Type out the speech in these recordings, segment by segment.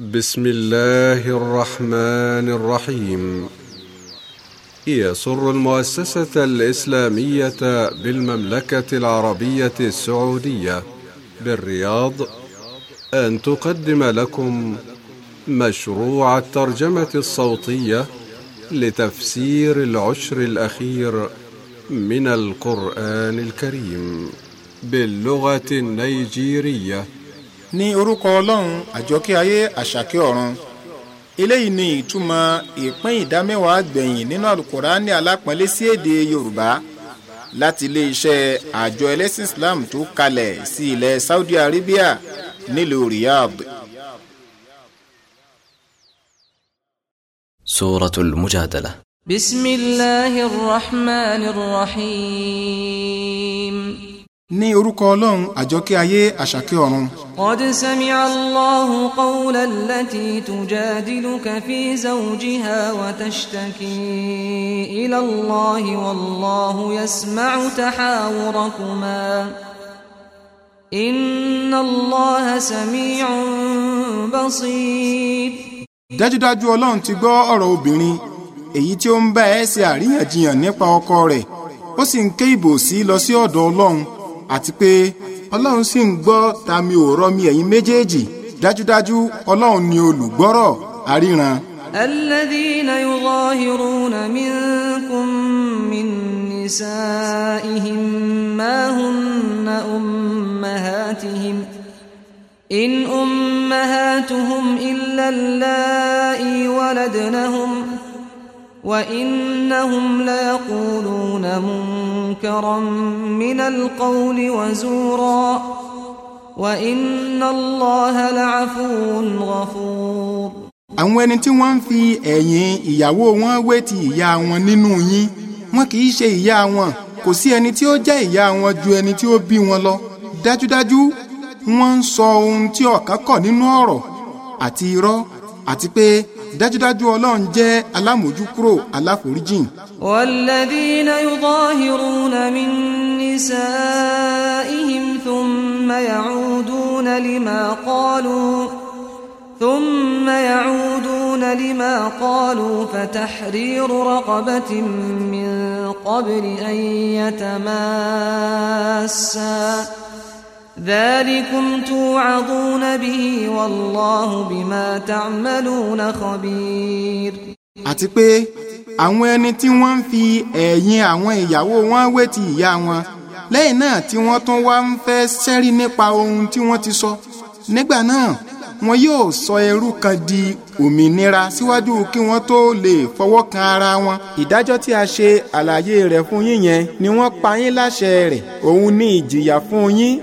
بسم الله الرحمن الرحيم يسر المؤسسة الإسلامية بالمملكة العربية السعودية بالرياض أن تقدم لكم مشروع الترجمة الصوتية لتفسير العشر الأخير من القرآن الكريم باللغة النيجيرية ní orúkọ ọlọ́run àjọkẹ́ ayé àṣàkẹ́ ọ̀run eléyìí ni ìtumọ̀ ìpín ìdámẹ́wàá gbẹ̀yìn nínú àlùkòránì alápọ̀nlé sí èdè yorùbá láti iléeṣẹ́ àjọ ẹlẹ́sìn islam tó kalẹ̀ sí ilẹ̀ saudi arabia nílùú riyadh. سورة المجادلة بسم الله الرحمن الرحيم ní orúkọ ọlọ́run àjọkẹ́ ayé àṣàkẹ́ ọ̀run. قد سمع الله قول التي تجادلك في زوجها وتشتكي إلى الله والله يسمع تحاوركما إن الله سميع بصير dájúdájú ọlọ́run ti gbọ́ ọ̀rọ̀ obìnrin èyí tí ó ń bá ẹ ṣe àríyànjiyàn nípa ọkọ rẹ̀ ó sì ń ké ìbòsí lọ sí ọ̀dọ̀ ọlọ́run àti pé ọlọ́run sì ń gbọ́ tami òórọ́ mi ẹ̀yin méjèèjì dájúdájú ọlọ́run ni olùgbọ́rọ̀ aríran. الذين يظاهرون منكم من نسائهم ما هن أمهاتهم إن أمهاتهم إلا اللائي ولدنهم ۖ وإنهم ليقولون منكرا من القول وزورا وإن الله لعفو غفور àwọn ẹni tí wọ́n ń fi ẹ̀yìn ìyàwó wọn wé ti ìyá wọn nínú yín wọn kì í ṣe ìyá wọn kò sí ẹni tí ó jẹ́ ìyá wọn ju ẹni tí ó bí wọn lọ dájúdájú wọ́n ń sọ ohun tí ọ̀kan kọ̀ nínú ọ̀rọ̀ àti irọ́ àti pé dájúdájú ọlọ́run jẹ́ alámójúkúrò aláforíjìn. والذين يظاهرون من نسائهم ثم يعودون لما قالوا ثم يعودون لما قالوا فتحرير رقبة من قبل أن يتماسا ذلكم توعظون به والله بما تعملون خبير àti pé àwọn ẹni tí wọ́n ń fi ẹ̀yìn àwọn ìyàwó wọn wé ti ìyá wọn lẹ́yìn náà tí wọ́n tún wá ń fẹ́ sẹ́rí nípa ohun tí wọ́n ti sọ nígbà náà wọn yóò sọ ẹrú kan di òmìnira síwájú kí wọ́n tó lè fọwọ́ kan ara wọn. ìdájọ́ tí a ṣe àlàyé rẹ̀ fún yín yẹn ni wọ́n pa yín láṣẹ rẹ̀ òun ni ìjìyà fún yín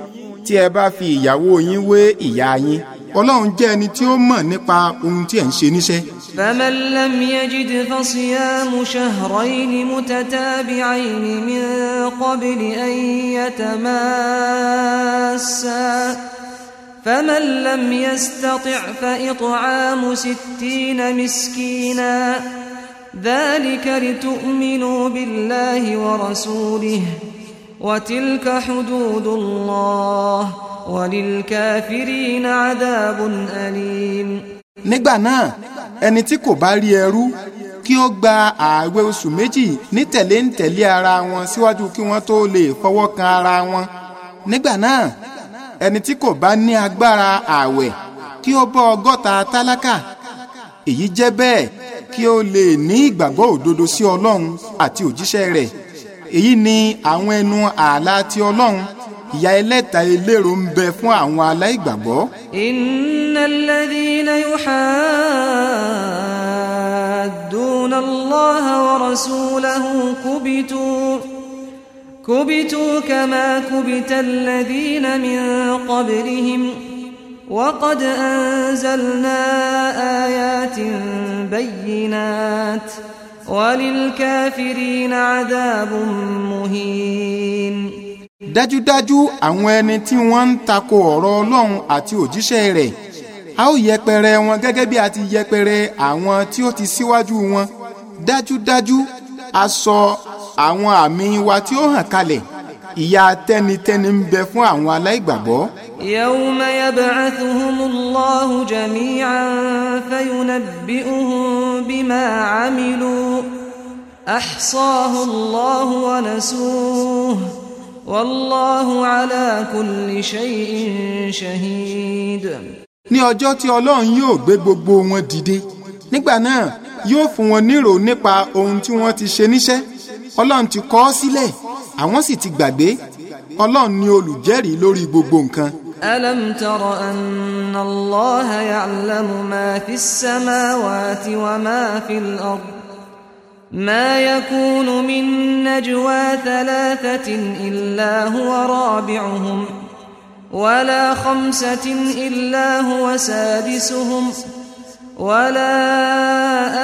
tí ẹ bá fi ìyàwó yín wé ìyá yín ọlọ́run jẹ́ ẹni tí ó mọ̀ nípa ohun tí ẹ̀ ń ṣe níṣẹ́. faman lam yajid fasiyamu shahrayni mutatabi'ayni min qabli an yatamassa. faman lam yastati' fa it'amu sittina miskina. dhalika litu'minu billahi wa rasulih. وتلك حدود الله وللكافرين عذاب أليم nígbà náà ẹni tí kò bá rí ẹrú kí ó gba ààwẹ̀ oṣù méjì nítẹ̀lé ńtẹ̀lé ara wọn síwájú kí wọ́n tó lè fọwọ́ kan ara wọn nígbà náà ẹni tí kò bá ní agbára ààwẹ̀ kí ó bọ́ ọgọ́ta tálákà èyí jẹ́ bẹ́ẹ̀ kí ó lè ní ìgbàgbọ́ òdodo sí Ọlọ́run àti òjíṣẹ́ rẹ̀ èyí ni àwọn ẹnu ààlà ti ọlọ́run ìyà ẹlẹ́ta eléro ń bẹ fún àwọn aláìgbàgbọ́. innal ladhina yuhadduna Allaha wa rasulahu kubitu kubitu kama kubita alladhina min qablihim. وقد أنزلنا آيات بينات ۖ وللكافرين عذاب مهين. dájúdájú àwọn ẹni tí wọ́n ń tako ọ̀rọ̀ ọlọ́run àti òjíṣẹ́ rẹ̀ a ó yẹpẹrẹ wọn gẹ́gẹ́ bí a ti yẹpẹrẹ àwọn tí ó ti síwájú wọn dájúdájú a sọ àwọn àmì wa tí ó hàn kalẹ̀ ìyà tẹ́nitẹ́ni ń bẹ fún àwọn aláìgbàgbọ́. يوم يبعثهم الله جميعا فينبئهم بما عملوا احصاه الله ونسوه والله على كل شيء شهيد ní ọjọ́ tí ọlọ́run yóò gbé gbogbo wọn dìde nígbà náà yóò fún wọn nírò nípa ohun tí wọ́n ti ṣe níṣẹ́ ọlọ́run ti kọ ọ́ sílẹ̀ àwọn sì ti gbàgbé ọlọ́run ni olùjẹ́rìí lórí gbogbo nǹkan. ألم تر أن الله يعلم ما في السماوات وما في الأرض ما يكون من نجوى ثلاثة إلا هو رابعهم ولا خمسة إلا هو سادسهم ولا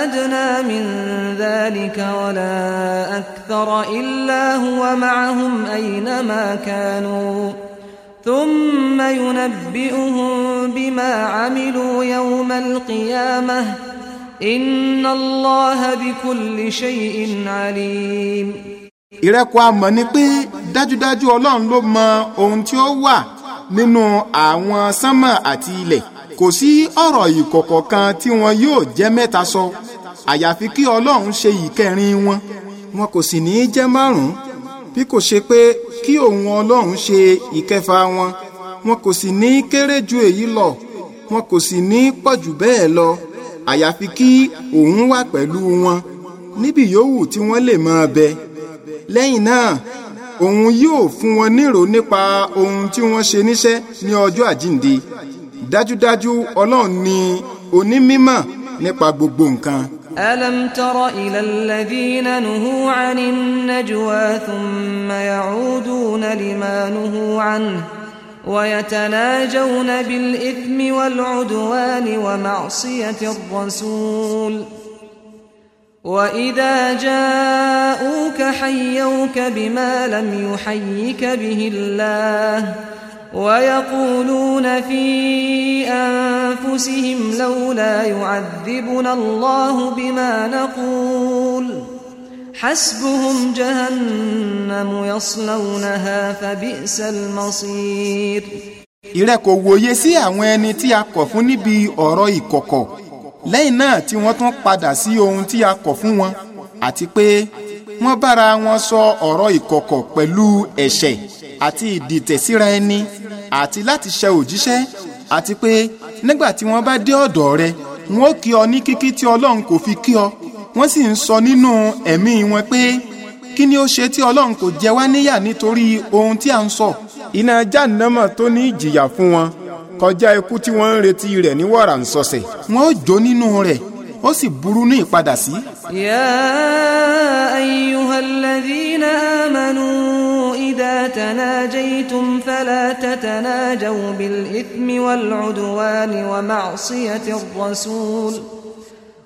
أدنى من ذلك ولا أكثر إلا هو معهم أينما كانوا ثم ينبئهم بما عملوا يوم القيامة إن الله بكل شيء عليم ìrẹ́kọ̀ àmọ́ ni pé dájúdájú ọlọ́run ló mọ ohun tí ó wà nínú àwọn sánmà àti ilẹ̀ kò sí ọ̀rọ̀ ìkọ̀kọ̀ kan tí wọn yóò jẹ́ mẹ́ta sọ àyàfi kí ọlọ́run ṣe ìkẹrin wọn wọn kò sì ní í jẹ́ márùn-ún bí kò ṣe pé kí òun ọlọ́run ṣe ìkẹfà wọn wọn kò sì ní kéré ju èyí lọ wọn kò sì ní pọ̀ jù bẹ́ẹ̀ lọ àyàfi kí òun wà pẹ̀lú wọn níbi yòówù tí wọ́n lè máa bẹ lẹ́yìn náà òun yóò fún wọn nírò nípa ohun tí wọ́n ṣe níṣẹ́ ní ọjọ́ àjíǹde dájúdájú ọlọ́run ni onímímọ̀ nípa gbogbo nǹkan. ألم تر إلى الذين نهوا عن النجوى ثم يعودون لما نهوا عنه ويتناجون بالإثم والعدوان ومعصية الرسول وإذا جاءوك حيوك بما لم يحيك به الله ۖ ويقولون في أنفسهم لولا يعذبنا الله بما نقول حسبهم جهنم يصلونها فبئس المصير ìrẹ kò wòye sí àwọn ẹni tí a kọ̀ fún níbi ọ̀rọ̀ ìkọ̀kọ̀ lẹ́yìn náà tí wọ́n tún padà sí ohun tí a kọ̀ fún wọn àti pé wọ́n bára wọn sọ ọ̀rọ̀ ìkọ̀kọ̀ pẹ̀lú ẹ̀ṣẹ̀ àti ìdìtẹ̀síra ẹni àti láti ṣe òjíṣẹ́ àti pé nígbà tí wọ́n bá dé ọ̀dọ̀ rẹ wọ́n kí ọ ní kíkí tí ọlọ́run kò fi kí ọ wọ́n sì ń sọ nínú ẹ̀mí wọn pé kí ni ó ṣe tí ọlọ́run kò jẹ wá níyà nítorí ohun tí à ń sọ. iná jàǹdámọ̀ tó ní ìjìyà fún wọn kọjá ikú tí wọ́n ń retí rẹ̀ ní wàrà ń sọ̀sẹ̀. wọ́n ó jó nínú rẹ̀ ó sì burú ní ìpadà sí. ya ayyuhalladhina amanu. وإذا تناجيتم فلا تتناجوا بالإثم والعدوان ومعصية الرسول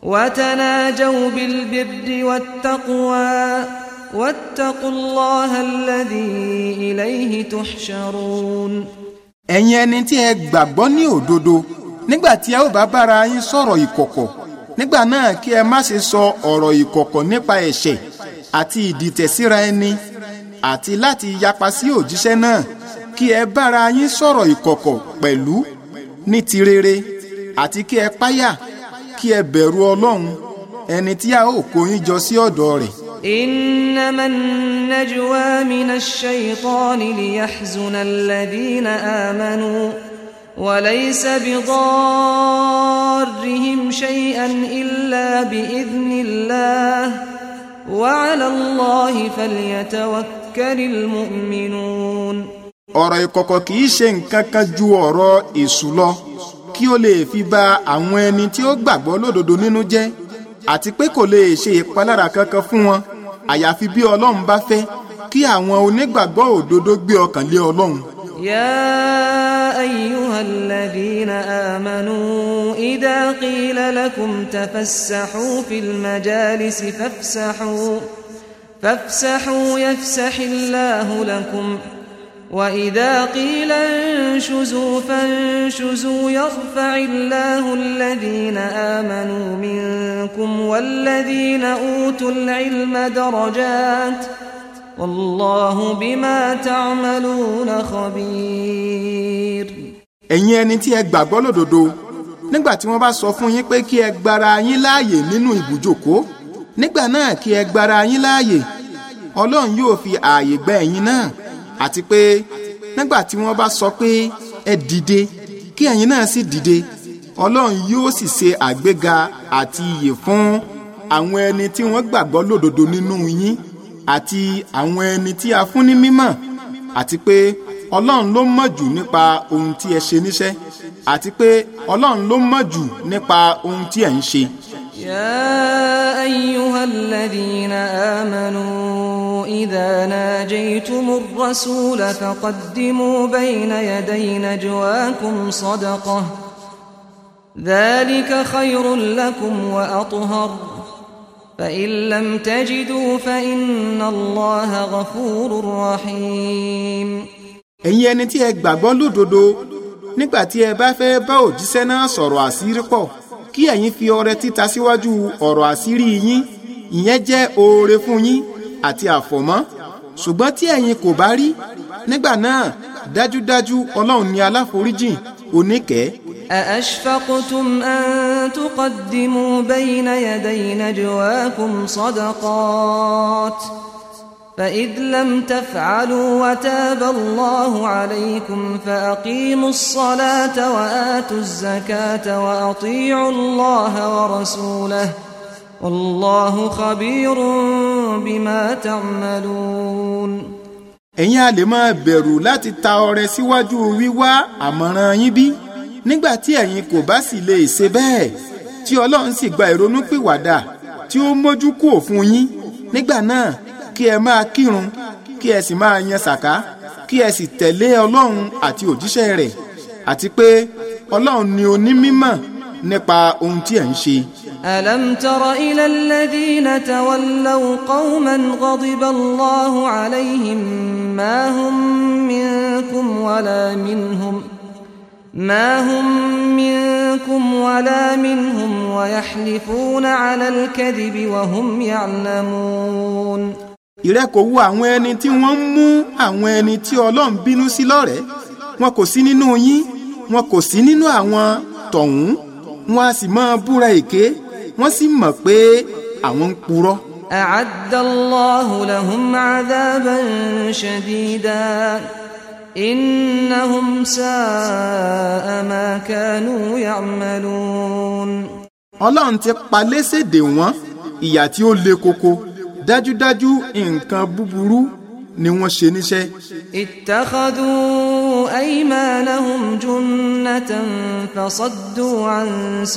وتناجوا بالبر والتقوى واتقوا الله الذي إليه تحشرون ẹ̀yin ẹni tí ẹ gbàgbọ́ ní òdodo nígbà tí ẹ ò bá bára yín sọ̀rọ̀ ìkọ̀kọ̀ nígbà náà kí ẹ má ṣe sọ ọ̀rọ̀ ìkọ̀kọ̀ nípa ẹ̀ṣẹ̀ àti ìdìtẹ̀síra ẹni àti láti yapa sí òjíṣẹ́ náà kí ẹ bára yín sọ̀rọ̀ ìkọ̀kọ̀ pẹ̀lú ní ti rere àti kí ẹ páyà kí ẹ bẹ̀rù ọlọ́run ẹni tí a ó kó yín jọ sí ọ̀dọ̀ rẹ̀. إنما النجوى من الشيطان ليحزن الذين آمنوا وليس بضارهم شيئا إلا بإذن الله وعلى الله فليتوكل المؤمنون ọ̀rọ̀ ìkọ̀kọ̀ kì í ṣe nǹkan kan ju ọ̀rọ̀ èṣù lọ kí ó lè fi ba àwọn ẹni tí ó gbàgbọ́ lódodo nínú jẹ́ àti pé kò lè ṣe ìpalára kankan fún wọn àyàfi bí ọlọ́run bá fẹ́ kí àwọn onígbàgbọ́ òdodo gbé ọkàn lé ọlọ́run يا ايها الذين امنوا اذا قيل لكم تفسحوا في المجالس فافسحوا فافسحوا يفسح الله لكم واذا قيل انشزوا فانشزوا يرفع الله الذين امنوا منكم والذين اوتوا العلم درجات ۖ Wallahu بما تعملون khabir. ẹ̀yin ẹni tí ẹ gbàgbọ́ lódodo nígbà tí wọ́n bá sọ fún yín pé kí ẹ gbara yín láàyè nínú ibùjókòó nígbà náà kí ẹ gbara yín láàyè ọlọ́run yóò fi ààyè gba ẹ̀yin náà àti pé nígbà tí wọ́n bá sọ pé ẹ dìde kí ẹ̀yin náà sì dìde ọlọ́run yóò sì ṣe àgbéga àti iyè fún àwọn ẹni tí wọ́n gbàgbọ́ lódodo nínú yín àti àwọn ẹni tí a fún ní mímọ̀ àti pé ọlọ́run ló mọ̀ jù nípa ohun tí ẹ ṣe níṣẹ́ àti pé ọlọ́run ló mọ̀ jù nípa ohun tí ẹ ń ṣe. يا أيها الذين آمنوا إذا ناجيتم الرسول فقدموا بين يدي نجواكم صدقة ذلك خير لكم وأطهر فإن لم تجدوا فإن الله غفور رحيم ẹ̀yin ẹni tí ẹ gbàgbọ́ lódodo nígbà tí ẹ bá fẹ́ bá òjíṣẹ́ náà sọ̀rọ̀ àṣírí pọ̀ kí ẹ̀yin fi ọrẹ títa síwájú ọ̀rọ̀ àṣírí yín ìyẹn jẹ́ oore fún yín àti àfọ̀mọ́ ṣùgbọ́n tí ẹ̀yin kò bá rí nígbà náà dájúdájú ọlọ́run ní aláforíjìn oníkẹ́ẹ́ أأشفقتم أن تقدموا بين يدي نجواكم صدقات فإذ لم تفعلوا وتاب الله عليكم فأقيموا الصلاة وآتوا الزكاة وأطيعوا الله ورسوله والله خبير بما تعملون ẹ̀yin a lè máa bẹ̀rù láti ta ọrẹ síwájú wíwá àmọ̀ràn yín bí nígbà tí ẹ̀yin kò bá sì lè ṣe bẹ́ẹ̀ tí ọlọ́run sì gba ìrònúpìwàdà tí ó mójú kúò fún yín nígbà náà kí ẹ máa kírun kí ẹ sì máa yan sàká kí ẹ sì tẹ̀lé ọlọ́run àti òjíṣẹ́ rẹ̀ àti pé ọlọ́run ni onímímọ̀ nípa ohun tí ẹ̀ ń ṣe. ألم تر إلى الذين تولوا قوما غضب الله عليهم ما هم منكم ولا منهم ۖ ما هم منكم ولا منهم ويحلفون على الكذب وهم يعلمون ìrẹ́kọ̀ wo àwọn ẹni tí wọ́n ń mú àwọn ẹni tí ọlọ́run bínú sí lọ́rẹ̀ẹ́ wọn kò sí nínú yín wọn kò sí nínú àwọn tọ̀hún wọn a sì máa búra èké wọ́n sì mọ̀ pé àwọn ń purọ́. أعد الله لهم عذابا شديدا إنهم ساء ما كانوا يعملون ọlọ́run ti palẹ́sẹ̀ dè wọ́n ìyà tí ó le koko dájúdájú nǹkan búburú ni wọ́n ṣe níṣẹ́. ìtàkàdù aymanahum junnatan fasaddu an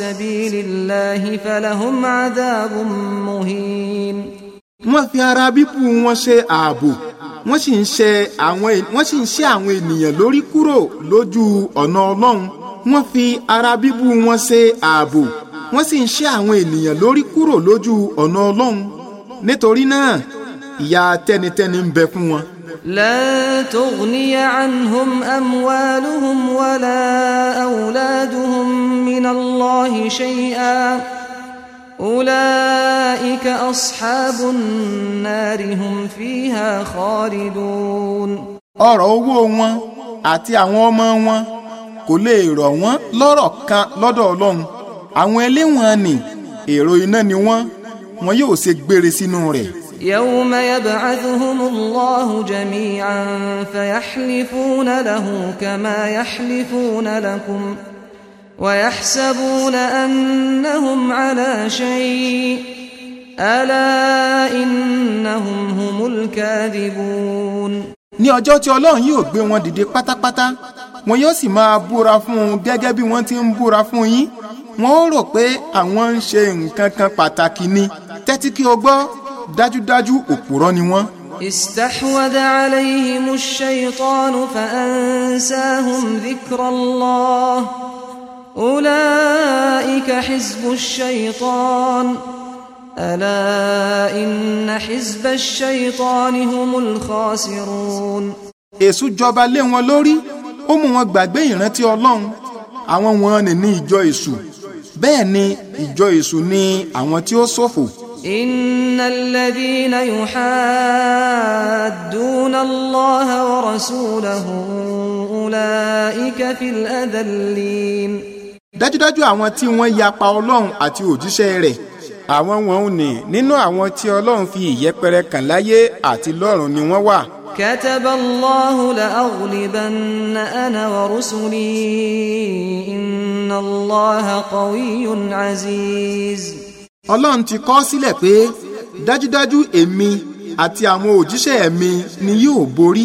sabilillahi falahum adabun muhin. wọ́n fi ara bíbù wọn ṣe ààbò wọ́n sì ń ṣe àwọn ènìyàn lórí kúrò lójú ọ̀nà ọlọ́run wọ́n fi ara bíbú wọn ṣe ààbò wọ́n sì ń ṣe àwọn ènìyàn lórí kúrò lójú ọ̀nà ọlọ́run nítorí náà ìyà tẹnitẹni ń bẹ fún wọn. لا تغني عنهم أموالهم ولا أولادهم من الله شيئا أولئك أصحاب النار هم فيها خالدون ọ̀rọ̀ owó wọn àti àwọn ọmọ wọn kò lè rọ̀ wọ́n lọ́rọ̀ kan lọ́dọ̀ Ọlọ́run àwọn ẹlẹ́wọ̀n ni èrò iná ni wọ́n wọn yóò ṣe gbére sínú rẹ̀. يوم يبعثهم الله جميعا فيحلفون له كما يحلفون لكم ويحسبون أنهم على شيء ألا إنهم هم الكاذبون ní ọjọ́ tí ọlọ́run yóò gbé wọn dìde pátápátá wọn yóò sì máa búra fún un gẹ́gẹ́ bí wọ́n ti ń búra fún yín wọn ó rò pé àwọn ń ṣe nǹkan kan pàtàkì ni tẹ́tí kí o gbọ́ dájúdájú òpùrọ́ ni wọ́n. استحوذ عليهم الشيطان فأنساهم ذكر الله أولئك حزب الشيطان ألا إن حزب الشيطان هم الخاسرون èṣù jọba lé wọn lórí ó mú wọn gbàgbé ìrántí Ọlọ́run àwọn wọn ni ní ìjọ èṣù bẹ́ẹ̀ ni ìjọ èṣù ni àwọn tí ó ṣòfò. إن الذين يحادون الله ورسوله أولئك في الأذلين dájúdájú àwọn tí wọ́n yapa ọlọ́run àti òjíṣẹ́ rẹ̀ àwọn wọn ò ní nínú àwọn tí ọlọ́run fi ìyẹpẹrẹ kàn láyé àti lọ́run ni wọ́n wà. كتب الله لأغلبن أنا ورسلي إن الله قوي عزيز. ọlọ́run ti kọ sílẹ̀ pé dájúdájú èmi àti àwọn òjíṣẹ́ mi ni yóò borí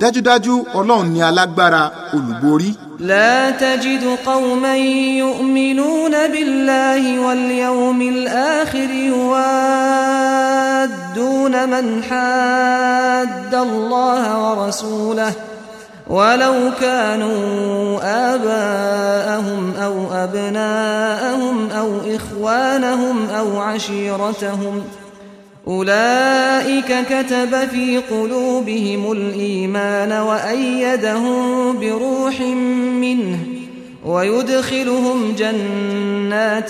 dájúdájú ọlọ́run ni alágbára olùborí. لا تجد قوما يؤمنون بالله واليوم الآخر يوادون من حاد الله ورسوله ولو كانوا آباءهم أو أبناءهم أو إخوانهم أو عشيرتهم ۖ أولئك كتب في قلوبهم الإيمان وأيدهم بروح منه ويدخلهم جنات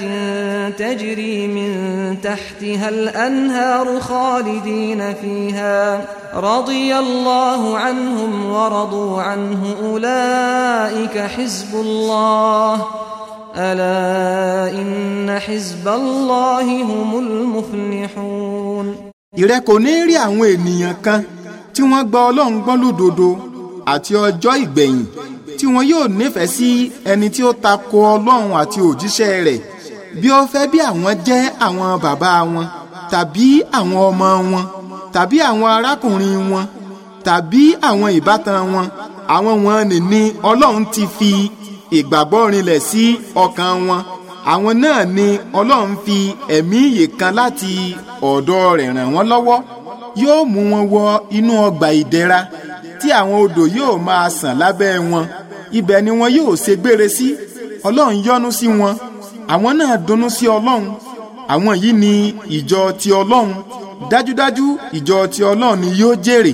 تجري من تحتها الأنهار خالدين فيها رضي الله عنهم ورضوا عنه أولئك حزب الله ألا إن حزب الله هم المفلحون ìrẹ kò ní rí àwọn ènìyàn kan tí wọ́n gba ọlọ́run gbọ́ lódodo àti ọjọ́ ìgbẹ̀yìn tí wọn yóò nífẹ̀ẹ́ sí ẹni tí ó tako ọlọ́run àti òjíṣẹ́ rẹ̀ bí ó fẹ́ bí àwọn jẹ́ àwọn bàbá wọn tàbí àwọn ọmọ wọn tàbí àwọn arákùnrin wọn tàbí àwọn ìbátan wọn àwọn wọn nìní ọlọ́run ti fi ìgbàgbọ́ rinlẹ̀ sí ọkàn wọn àwọn náà ni ọlọ́run fi ẹ̀mí ìyè kan láti ọ̀dọ̀ rẹ̀ ràn wọ́n lọ́wọ́ yóò mú wọn wọ inú ọgbà ìdẹ̀ra tí àwọn odò yóò máa sàn lábẹ́ wọn ibẹ̀ ni wọn yóò ṣègbére sí ọlọ́run yọ́nú sí wọn àwọn náà dunnú sí ọlọ́run àwọn yìí ni ìjọ ti ọlọ́run dájúdájú ìjọ ti ọlọ́run ni yóò jèrè.